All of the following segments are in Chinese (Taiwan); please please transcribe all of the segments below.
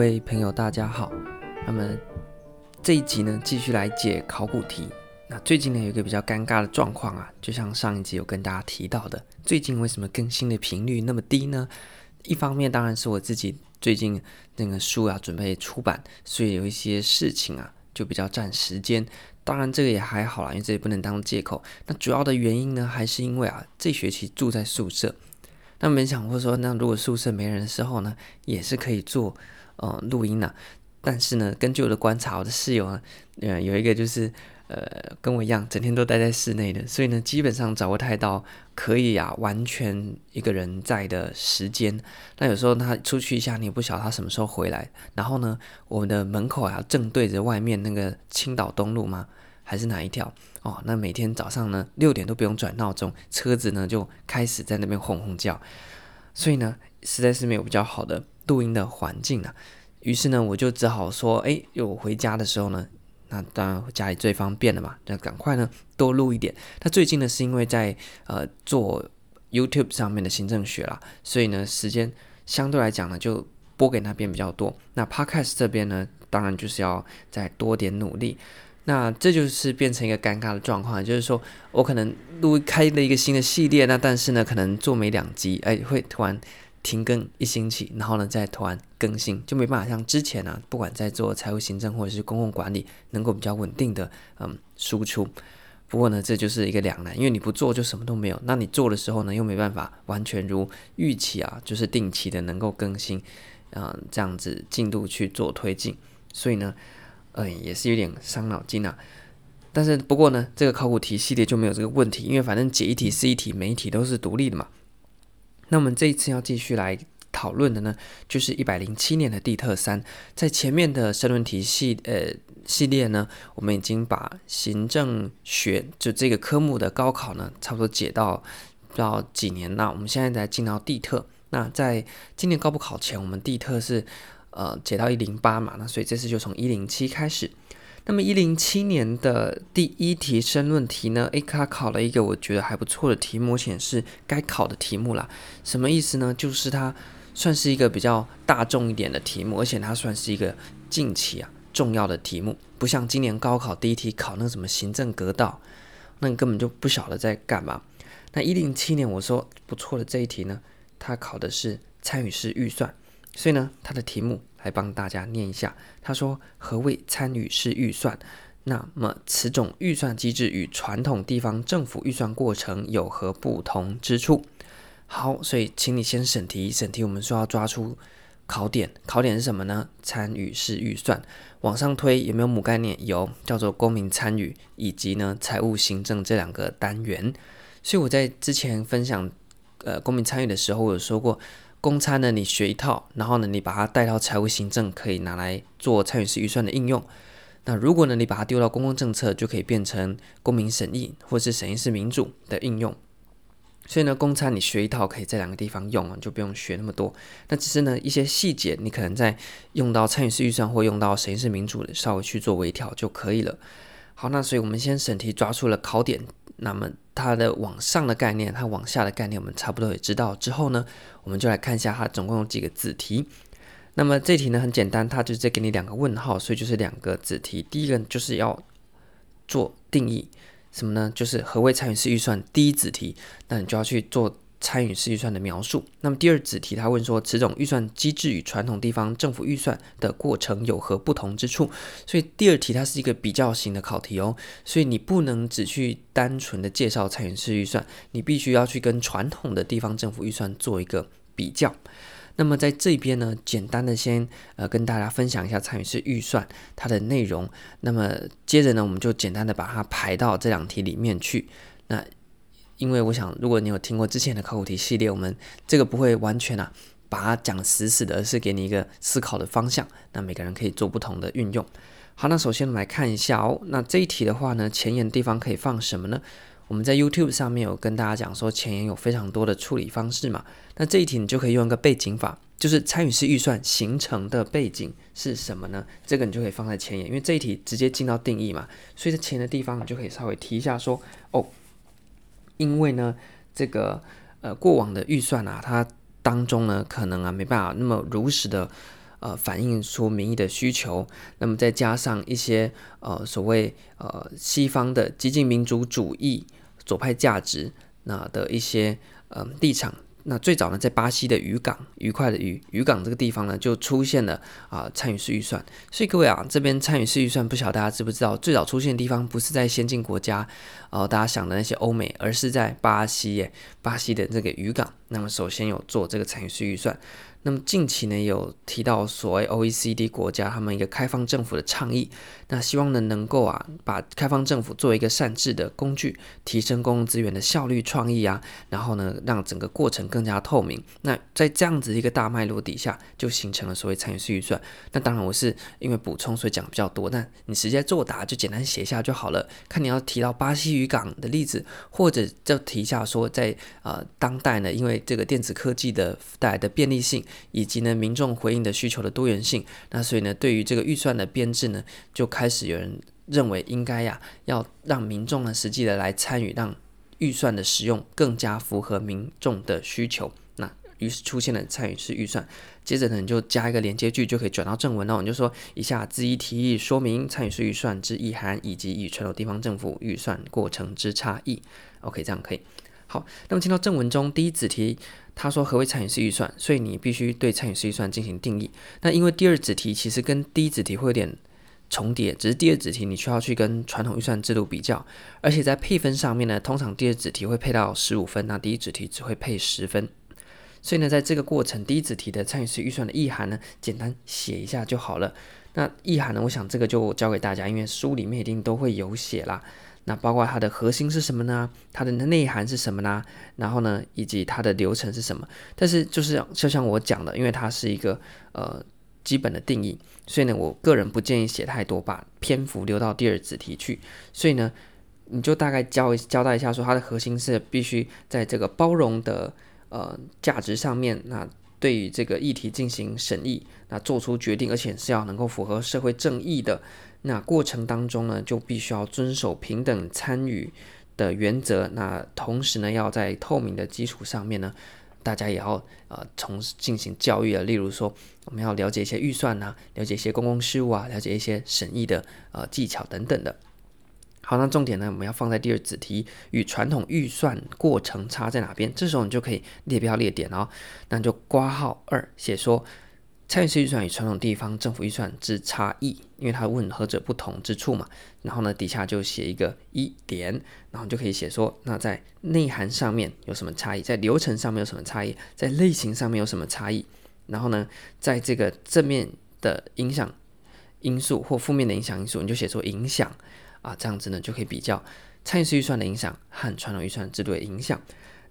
各位朋友，大家好。那麼這一集呢，繼續來解考古題。那最近呢，有一個比較尷尬的狀況啊，就像上一集有跟大家提到的，最近為什麼更新的頻率那麼低呢？一方面當然是我自己最近那個書啊準備出版，所以有一些事情啊就比較佔時間。當然這個也還好啦，因為這也不能當借口。那主要的原因呢，還是因為啊這學期住在宿舍。那沒想過說，那如果宿舍沒人的時候呢，也是可以做。哦、嗯，錄音啊！但是呢，根據我的觀察，我的室友啊，嗯、呃，有一個就是呃，跟我一樣，整天都待在室內的，所以呢，基本上找不太到可以呀、啊、完全一個人在的時間。那有時候他出去一下，你也不曉得他什麼時候回來。然後呢，我們的門口啊，正對着外面那個青島東路嗎？還是哪一條？哦，那每天早上呢，六點都不用轉鬧鐘，車子呢就開始在那邊轟轟叫。所以呢，實在是沒有比較好的。錄音的環境啊，於是呢，我就只好說，哎、欸，有我回家的時候呢，那當然家裡最方便的嘛，那趕快呢多錄一點。他最近呢，是因為在呃做 YouTube 上面的行政學啦，所以呢時間相對來講呢就撥給那邊比較多。那 Podcast 這邊呢，當然就是要再多點努力。那這就是變成一個尷尬的狀況，就是說我可能錄開了一個新的系列，那但是呢可能做沒兩集，哎、欸，會突然。停更一星期，然後呢再突然更新，就沒辦法像之前呢、啊，不管在做財務行政或者是公共管理，能夠比較穩定的嗯輸出。不過呢，這就是一個兩難，因為你不做就什麼都沒有，那你做的時候呢，又沒辦法完全如預期啊，就是定期的能夠更新，嗯，這樣子進度去做推進，所以呢，嗯，也是有點傷腦筋啊。但是不過呢，這個考古題系列就沒有這個問題，因為反正解一題是一題，每一題都是獨立的嘛。那我們這一次要繼續來討論的呢，就是一百零七年的地特三。在前面的申論題系呃、系列呢，我們已經把行政學就這個科目的高考呢，差不多解到不知道幾年了。那我們現在才進到地特。那在今年高補考前，我們地特是呃解到一零八嘛，那所以這次就從一零七開始。那麼一零七年的第一題申論題呢？哎，他考了一個我覺得還不錯的題目，而且是該考的題目啦。什麼意思呢？就是它算是一個比較大眾一點的題目，而且它算是一個近期啊重要的題目，不像今年高考第一題考那什麼行政格道，那你根本就不曉得在幹嘛。那一零七年我說不錯的這一題呢，它考的是參與式預算，所以呢，它的題目。來幫大家念一下，他說：“何謂參與式預算？那麼此種預算機制與傳統地方政府預算過程有何不同之處？”好，所以請你先審題。審題，我們說要抓出考點。考點是什麼呢？參與式預算往上推有沒有母概念？有，叫做公民參與以及呢財務行政這兩個單元。所以我在之前分享呃公民參與的時候，我有說過。公參呢，你學一套，然後呢，你把它帶到財務行政，可以拿來做參與式預算的應用。那如果呢，你把它丟到公共政策，就可以變成公民審議或是審議式民主的應用。所以呢，公參你學一套可以在兩個地方用啊，就不用學那麼多。那只是呢一些細節，你可能在用到參與式預算或用到審議式民主，稍微去做微調就可以了。好，那所以我們先審題，抓住了考點。那麼它的往上的概念，它往下的概念，我們差不多也知道。之後呢，我們就來看一下它總共有幾個子題。那麼這題呢很簡單，它就只給你兩個問號，所以就是兩個子題。第一個就是要做定義，什麼呢？就是何謂參與式預算？第一子題，那你就要去做。參與式預算的描述。那麼第二子題，他問說，此種預算機制與傳統地方政府預算的過程有何不同之處？所以第二題它是一個比較型的考題哦。所以你不能只去單純的介紹參與式預算，你必須要去跟傳統的地方政府預算做一個比較。那麼在這邊呢，簡單的先呃跟大家分享一下參與式預算它的內容。那麼接着呢，我們就簡單的把它排到這兩題裡面去。那因為我想，如果你有聽過之前的考古題系列，我們這個不會完全啊把它講死死的，而是給你一個思考的方向，那每個人可以做不同的運用。好，那首先我們來看一下哦，那這一題的話呢，前言的地方可以放什麼呢？我們在 YouTube 上面有跟大家講說，前言有非常多的處理方式嘛。那這一題你就可以用一個背景法，就是參與式預算形成的背景是什麼呢？這個你就可以放在前言，因為這一題直接進到定義嘛，所以在前言的地方你就可以稍微提一下說哦。因為呢，這個呃過往的預算啊，它當中呢可能啊沒辦法那麼如實的呃反映出民意的需求，那麼再加上一些呃所謂呃西方的激進民主主義、左派價值那的一些呃立場。那最早呢，在巴西的愉港，愉快的愉、愉港這個地方呢，就出現了啊、呃、參與式預算。所以各位啊，這邊參與式預算不曉得大家知不知道，最早出現的地方不是在先進國家，哦、呃，大家想的那些歐美，而是在巴西耶，巴西的這個愉港。那麼首先有做這個參與式預算。那麼近期呢，有提到所謂 OECD 國家他們一個開放政府的倡議，那希望呢能夠啊把開放政府作為一個善治的工具，提升公共資源的效率、創意啊，然後呢讓整個過程更加透明。那在這樣子一個大脈絡底下，就形成了所謂參與式預算。那當然我是因為補充，所以講比較多，但你直接作答就簡單寫一下就好了。看你要提到巴西漁港的例子，或者就提一下說在呃當代呢，因為這個電子科技的帶來的便利性。以及呢，民眾回應的需求的多元性，那所以呢，對於這個預算的編制呢，就開始有人認為應該呀、啊，要讓民眾呢實際的來參與，讓預算的使用更加符合民眾的需求。那於是出現了參與式預算。接着呢，你就加一個連接句，就可以轉到正文哦。那我們就說以下茲依題意說明參與式預算之意涵以及與傳統地方政府預算過程之差異。OK，這樣可以。好，那麼進到正文中，第一子題他說何為參與式預算？所以你必須對參與式預算進行定義。那因為第二子題其實跟第一子題會有點重疊，只是第二子題你需要去跟傳統預算制度比較，而且在配分上面呢，通常第二子題會配到十五分，那第一子題只會配十分。所以呢，在這個過程，第一子題的參與式預算的意涵呢，簡單寫一下就好了。那意涵呢，我想這個就交給大家，因為書裡面一定都會有寫啦。那包括它的核心是什麼呢？它的內涵是什麼呢？然後呢，以及它的流程是什麼？但是就是就像我講的，因為它是一個呃基本的定義，所以呢，我個人不建議寫太多，把篇幅留到第二子題去。所以呢，你就大概交一交代一下，說它的核心是必須在這個包容的呃價值上面，那對於這個議題進行審議，那做出決定，而且是要能夠符合社會正義的。那過程當中呢，就必須要遵守平等參與的原則。那同時呢，要在透明的基礎上面呢，大家也要呃從進行教育啊，例如說我們要了解一些預算啊，了解一些公共事務啊，了解一些審議的呃技巧等等的。好，那重點呢，我們要放在第二子題與傳統預算過程差在哪邊。這時候你就可以列標列點哦，那就括號二寫說。參與式預算與傳統的地方政府預算之差異，因為它問何者不同之處嘛，然後呢，底下就寫一個一點，然後就可以寫說，那在內涵上面有什麼差異，在流程上面有什麼差異，在類型上面有什麼差異，然後呢，在這個正面的影響因素或負面的影響因素，你就寫出影響啊，這樣子呢，就可以比較參與式預算的影響和傳統預算制度的影響。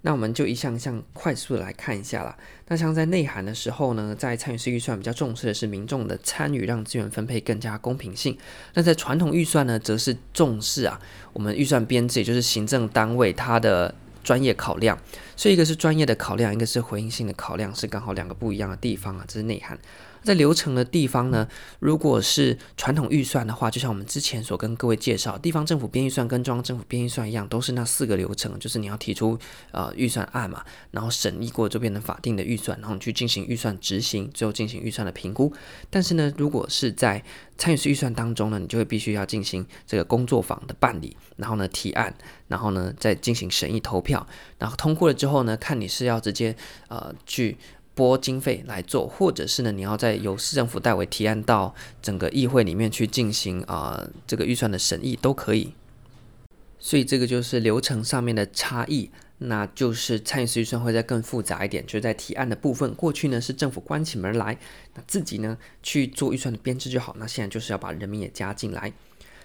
那我們就一項一項快速的來看一下啦。那像在內涵的時候呢，在參與式預算比較重視的是民眾的參與，讓資源分配更加公平性。那在傳統預算呢，則是重視啊，我們預算編制，也就是行政單位它的專業考量。所以一個是專業的考量，一個是回應性的考量，是剛好兩個不一樣的地方啊，這是內涵。在流程的地方呢，如果是傳統預算的話，就像我們之前所跟各位介紹，地方政府編預算跟中央政府編預算一樣，都是那四個流程，就是你要提出呃預算案嘛，然後審議過就變成法定的預算，然後你去進行預算執行，最後進行預算的評估。但是呢，如果是在參與式預算當中呢，你就會必須要進行這個工作坊的辦理，然後呢提案，然後呢再進行審議投票，然後通過了之後呢，看你是要直接呃去。撥經費來做，或者是呢，你要再由市政府代為提案到整個議會裡面去進行啊、呃，這個預算的審議都可以。所以這個就是流程上面的差異，那就是參與式預算會再更複雜一點，就是在提案的部分。過去呢是政府關起門來，那自己呢去做預算的編製就好。那現在就是要把人民也加進來。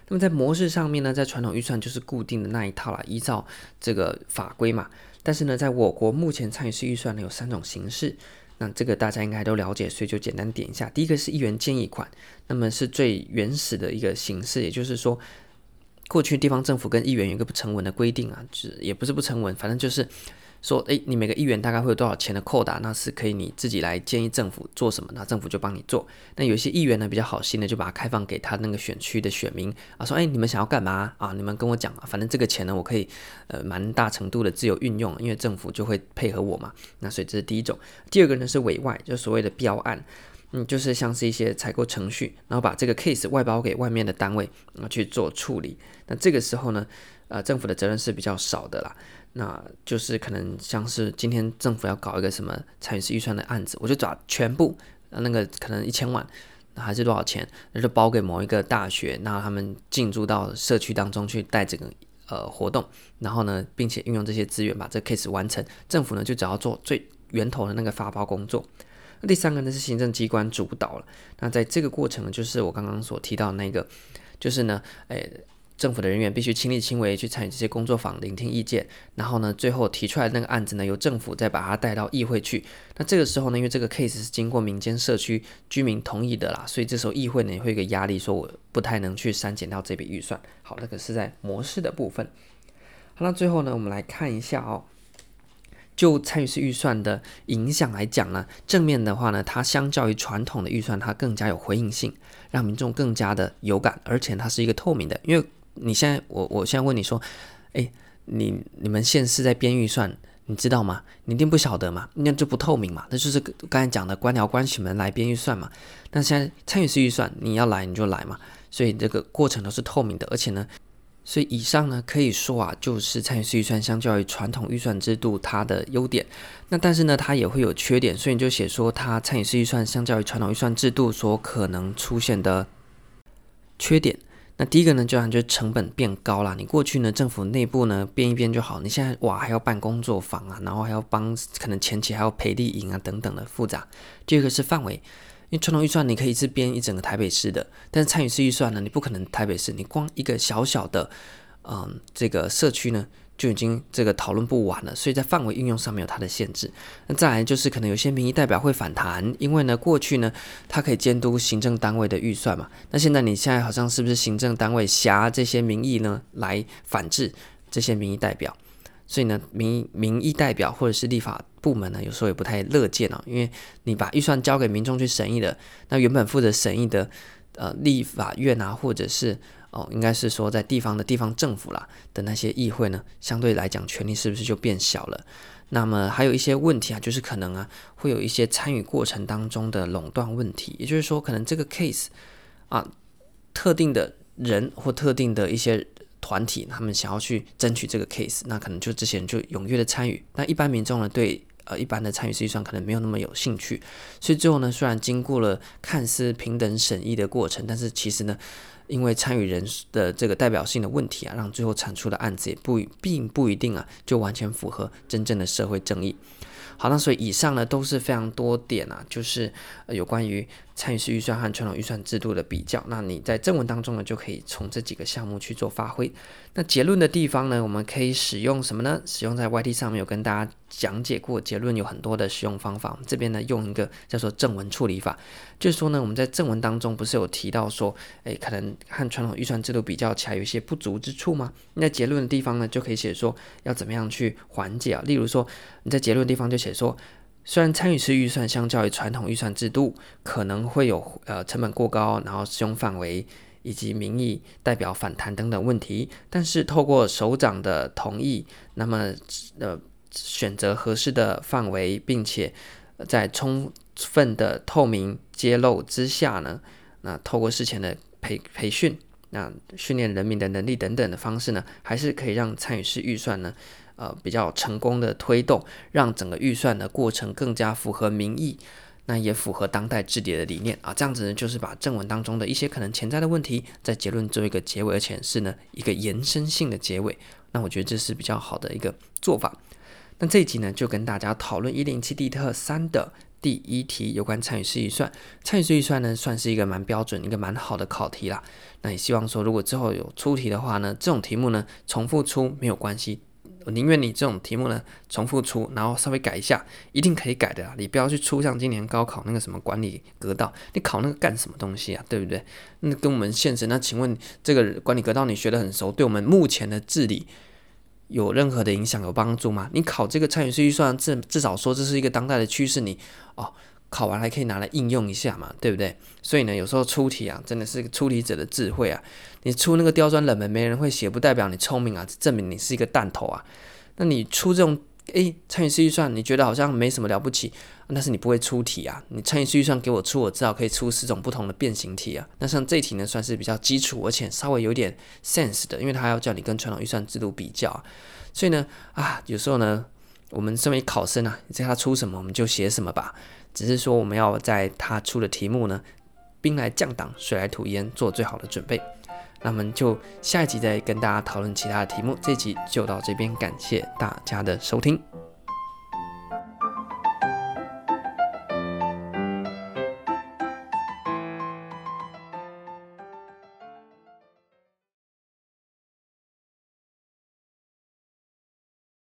那麼在模式上面呢，在傳統預算就是固定的那一套啦，依照這個法規嘛。但是呢，在我國目前參與式預算呢有三種形式。那這個大家應該都了解，所以就簡單點一下。第一個是議員建議款，那麼是最原始的一個形式，也就是說，過去地方政府跟議員有一個不成文的規定啊，就是也不是不成文，反正就是。說，誒，你每個議員大概會有多少錢的扣打，啊，那是可以你自己來建議政府做什麼，那政府就幫你做。那有些議員呢比較好心的，就把它開放給他那個選區的選民啊，說，哎，你們想要幹嘛啊？你們跟我講啊，反正這個錢呢，我可以，呃，蠻大程度的自由運用，因為政府就會配合我嘛。那所以這是第一種。第二個呢是委外，就所謂的標案，嗯，就是像是一些採購程序，然後把這個 case 外包給外面的單位，然後去做處理。那這個時候呢，呃，政府的責任是比較少的啦。那就是可能像是今天政府要搞一個什麼參與式預算的案子，我就把全部那個可能一千萬，那還是多少錢，那就包給某一個大學，那他們進駐到社區當中去帶這個呃活動，然後呢，並且運用這些資源把這個 case 完成，政府呢就只要做最源頭的那個發包工作。那第三個呢是行政機關主導了，那在這個過程呢，就是我剛剛所提到的那個，就是呢，誒、欸。政府的人員必須親力親為去參與這些工作坊，聆聽意見，然後呢，最後提出來的那個案子呢，由政府再把它帶到議會去。那這個時候呢，因為這個 case 是經過民間社區居民同意的啦，所以這時候議會呢也會有個壓力，說我不太能去刪減掉這筆預算。好，那個是在模式的部分。好，那最後呢，我們來看一下哦，就參與式預算的影響來講呢，正面的話呢，它相較於傳統的預算，它更加有回應性，讓民眾更加的有感，而且它是一個透明的，因為。你現在我我現在問你說，哎，你你們現是在編預算，你知道嗎？你一定不曉得嘛，那就不透明嘛，那就是剛才講的官僚關起門來編預算嘛。那現在參與式預算，你要來你就來嘛，所以這個過程都是透明的。而且呢，所以以上呢可以說啊，就是參與式預算相較於傳統預算制度它的優點。那但是呢，它也會有缺點，所以你就寫說它參與式預算相較於傳統預算制度所可能出現的缺點。那第一個呢，就按就成本變高啦。你過去呢，政府內部呢編一編就好。你現在哇，還要辦工作坊啊，然後還要幫，可能前期還要培力營啊等等的複雜。第二個是範圍，因為傳統預算你可以是編一整個台北市的，但是參與式預算呢，你不可能台北市，你光一個小小的，嗯，這個社區呢。就已經這個討論不完了，所以在範圍運用上沒有它的限制。那再來就是可能有些民意代表會反彈，因為呢過去呢它可以監督行政單位的預算嘛，那現在你現在好像是不是行政單位轄這些民意呢來反制這些民意代表？所以呢民意民意代表或者是立法部門呢有時候也不太樂見啊、哦，因為你把預算交給民眾去審議的，那原本負責審議的呃立法院啊或者是。哦，應該是說在地方的地方政府啦的那些議會呢，相對來講權力是不是就變小了？那麼還有一些問題啊，就是可能啊會有一些參與過程當中的壟斷問題，也就是說可能這個 case 啊，特定的人或特定的一些團體，他們想要去爭取這個 case，那可能就之前就踴躍的參與，那一般民眾呢對。呃，一般的參與式預算可能沒有那麼有興趣，所以最後呢，雖然經過了看似平等審議的過程，但是其實呢，因為參與人的這個代表性的問題啊，讓最後產出的案子也不並不一定啊，就完全符合真正的社會正義。好，那所以以上呢，都是非常多點啊，就是、呃、有關於。參與式預算和傳統預算制度的比較，那你在正文當中呢，就可以從這幾個項目去做發揮。那結論的地方呢，我們可以使用什麼呢？使用在 YT 上面有跟大家講解過，結論有很多的使用方法。這邊呢，用一個叫做正文處理法，就是說呢，我們在正文當中不是有提到說，誒、欸，可能和傳統預算制度比較起來有一些不足之處嗎？那結論的地方呢，就可以寫說要怎麼樣去緩解啊。例如說，你在結論的地方就寫說。雖然參與式預算相較於傳統預算制度可能會有呃成本過高，然後適用範圍以及民意代表反彈等等問題，但是透過首長的同意，那麼呃選擇合適的範圍，並且在充分的透明揭露之下呢，那透過事前的培培訓，那訓練人民的能力等等的方式呢，還是可以讓參與式預算呢，呃，比較成功的推動，讓整個預算的過程更加符合民意，那也符合當代治理的理念啊。這樣子呢，就是把正文當中的一些可能潛在的問題，在結論作為一個結尾，而且是呢一個延伸性的結尾。那我覺得這是比較好的一個做法。那這一集呢，就跟大家討論一零七地特三的第一題有關參與式預算。參與式預算呢，算是一個蠻標準、一個蠻好的考題啦。那也希望說，如果之後有出題的話呢，這種題目呢，重複出沒有關係。我寧願你這種題目呢重複出，然後稍微改一下，一定可以改的啦。你不要去出像今年高考那個什麼管理格道，你考那個幹什麼東西啊？對不對？那跟我們現實，那請問這個管理格道你學得很熟，對我們目前的治理有任何的影響，有幫助嗎？你考這個參與式預算，至至少說這是一個當代的趨勢，你哦。考完還可以拿來應用一下嘛，對不對？所以呢，有時候出題啊，真的是個出題者的智慧啊。你出那個刁鑽冷門，沒人會寫，不代表你聰明啊，證明你是一個蛋頭啊。那你出這種哎參與式預算，你覺得好像沒什麼了不起，那是你不會出題啊。你參與式預算給我出，我至少可以出四種不同的變形題啊。那像這題呢，算是比較基礎，而且稍微有點 sense 的，因為它要叫你跟傳統預算制度比較，所以呢，啊，有時候呢。我們身為考生啊，你猜他出什麼我們就寫什麼吧。只是說我們要在他出的題目呢，兵來將擋，水來土掩，做最好的準備。那我們就下一集再跟大家討論其他的題目。這一集就到這邊，感謝大家的收聽。